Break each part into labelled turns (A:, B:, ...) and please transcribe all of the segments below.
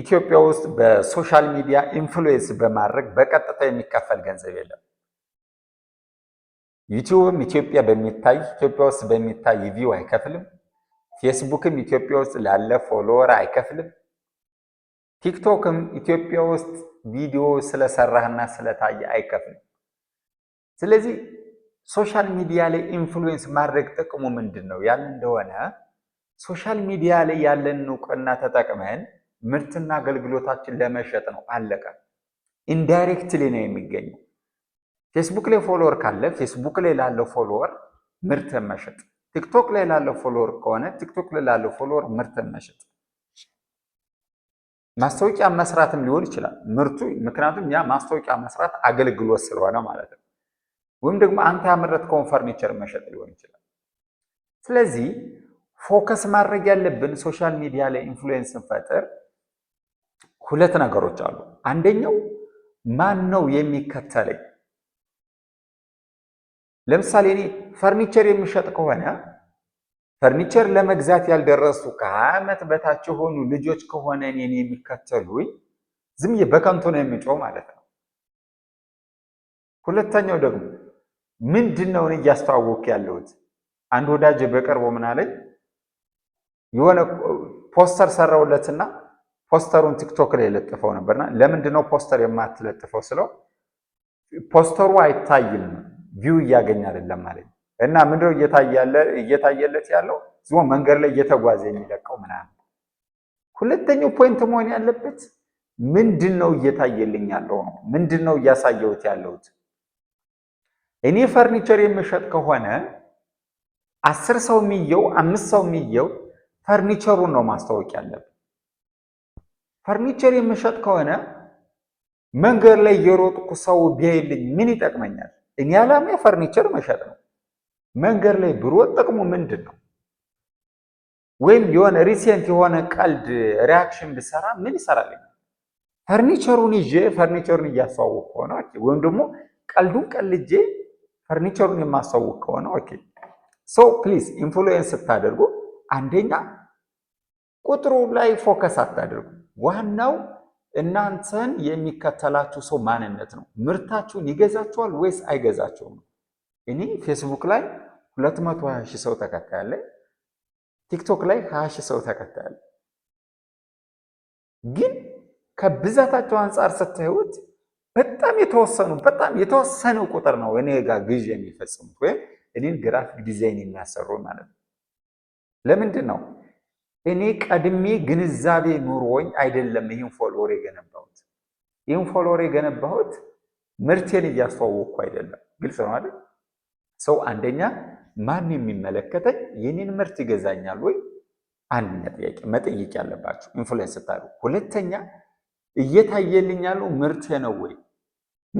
A: ኢትዮጵያ ውስጥ በሶሻል ሚዲያ ኢንፍሉዌንስ በማድረግ በቀጥታ የሚከፈል ገንዘብ የለም። ዩቲዩብም ኢትዮጵያ በሚታይ ኢትዮጵያ ውስጥ በሚታይ ቪው አይከፍልም። ፌስቡክም ኢትዮጵያ ውስጥ ላለ ፎሎወር አይከፍልም። ቲክቶክም ኢትዮጵያ ውስጥ ቪዲዮ ስለሰራህና ስለታየ አይከፍልም። ስለዚህ ሶሻል ሚዲያ ላይ ኢንፍሉዌንስ ማድረግ ጥቅሙ ምንድን ነው? ያን እንደሆነ ሶሻል ሚዲያ ላይ ያለን እውቅና ተጠቅመን ምርትና አገልግሎታችን ለመሸጥ ነው። አለቀ። ኢንዳይሬክትሊ ነው የሚገኘው። ፌስቡክ ላይ ፎሎወር ካለ ፌስቡክ ላይ ላለው ፎሎወር ምርት መሸጥ፣ ቲክቶክ ላይ ላለው ፎሎወር ከሆነ ቲክቶክ ላይ ላለው ፎሎወር ምርት መሸጥ፣ ማስታወቂያ መስራትም ሊሆን ይችላል ምርቱ። ምክንያቱም ያ ማስታወቂያ መስራት አገልግሎት ስለሆነ ማለት ነው። ወይም ደግሞ አንተ ያመረትከውን ፈርኒቸር መሸጥ ሊሆን ይችላል። ስለዚህ ፎከስ ማድረግ ያለብን ሶሻል ሚዲያ ላይ ኢንፍሉዌንስ ስንፈጥር ሁለት ነገሮች አሉ። አንደኛው ማን ነው የሚከተለኝ? ለምሳሌ እኔ ፈርኒቸር የሚሸጥ ከሆነ ፈርኒቸር ለመግዛት ያልደረሱ ከሀያ ዓመት በታች የሆኑ ልጆች ከሆነ እኔን የሚከተሉኝ ዝም በከንቱ ነው የሚጮው ማለት ነው። ሁለተኛው ደግሞ ምንድን ነው እኔ ያለሁት? አንድ ወዳጅ በቅርቡ ምን አለኝ፣ የሆነ ፖስተር ሰራውለትና ፖስተሩን ቲክቶክ ላይ የለጥፈው ነበርና ለምንድነው ፖስተር የማትለጥፈው ስለው ፖስተሩ አይታይም ቪው እያገኝ አይደለም ማለት ነው። እና ምንድነው እየታየለት ያለው ዝሞ መንገድ ላይ እየተጓዘ የሚለቀው ምናምን። ሁለተኛው ፖይንት መሆን ያለበት ምንድን ነው እየታየልኝ ያለው ነው። ምንድን ነው እያሳየሁት ያለሁት? እኔ ፈርኒቸር የምሸጥ ከሆነ አስር ሰው የሚየው አምስት ሰው የሚየው ፈርኒቸሩን ነው ማስታወቅ ያለብን። ፈርኒቸር የምሸጥ ከሆነ መንገድ ላይ የሮጥኩ ሰው ቢያይልኝ ምን ይጠቅመኛል? እኔ ዓላማ ፈርኒቸር መሸጥ ነው። መንገድ ላይ ብሮጥ ጥቅሙ ምንድን ነው? ወይም የሆነ ሪሴንት የሆነ ቀልድ ሪያክሽን ብሰራ ምን ይሰራልኝ? ፈርኒቸሩን ይዤ ፈርኒቸሩን እያስተዋወቅ ከሆነ ወይም ደግሞ ቀልዱን ቀልጄ ፈርኒቸሩን የማስተዋወቅ ከሆነ ኦኬ። ሶ ፕሊዝ ኢንፍሉዌንስ ስታደርጉ አንደኛ ቁጥሩ ላይ ፎከስ አታደርጉ። ዋናው እናንተን የሚከተላችሁ ሰው ማንነት ነው። ምርታችሁን ይገዛችኋል ወይስ አይገዛችሁም? እኔ ፌስቡክ ላይ 220 ሺህ ሰው ተከታይ አለ። ቲክቶክ ላይ 20 ሺህ ሰው ተከታይ አለ። ግን ከብዛታቸው አንጻር ስታዩት በጣም የተወሰኑ በጣም የተወሰነ ቁጥር ነው እኔ ጋር ግዥ የሚፈጽሙት ወይም እኔን ግራፊክ ዲዛይን የሚያሰሩ ማለት ነው። ለምንድን ነው እኔ ቀድሜ ግንዛቤ ኑሮኝ አይደለም ይህን ፎሎወር የገነባሁት። ይህን ፎሎወር የገነባሁት ምርቴን እያስተዋወቅኩ አይደለም። ግልጽ ነው አይደል? ሰው አንደኛ ማን የሚመለከተኝ የኔን ምርት ይገዛኛል ወይ? አንድ ጥያቄ መጠየቅ ያለባቸው ኢንፍሉዌንስ ስታደርጉ። ሁለተኛ እየታየልኝ ያለው ምርቴ ነው ወይ?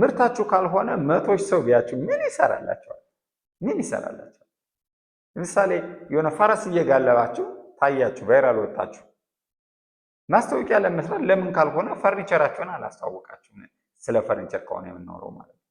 A: ምርታችሁ ካልሆነ መቶች ሰው ቢያችሁ ምን ይሰራላቸዋል? ምን ይሰራላቸዋል? ለምሳሌ የሆነ ፈረስ እየጋለባችሁ ታያችሁ፣ ቫይራል ወጣችሁ። ማስታወቂያ ለመስራት ለምን ካልሆነ ፈርኒቸራችሁን አላስተዋወቃችሁም። ስለ ፈርኒቸር ከሆነ የምናወራው ማለት ነው።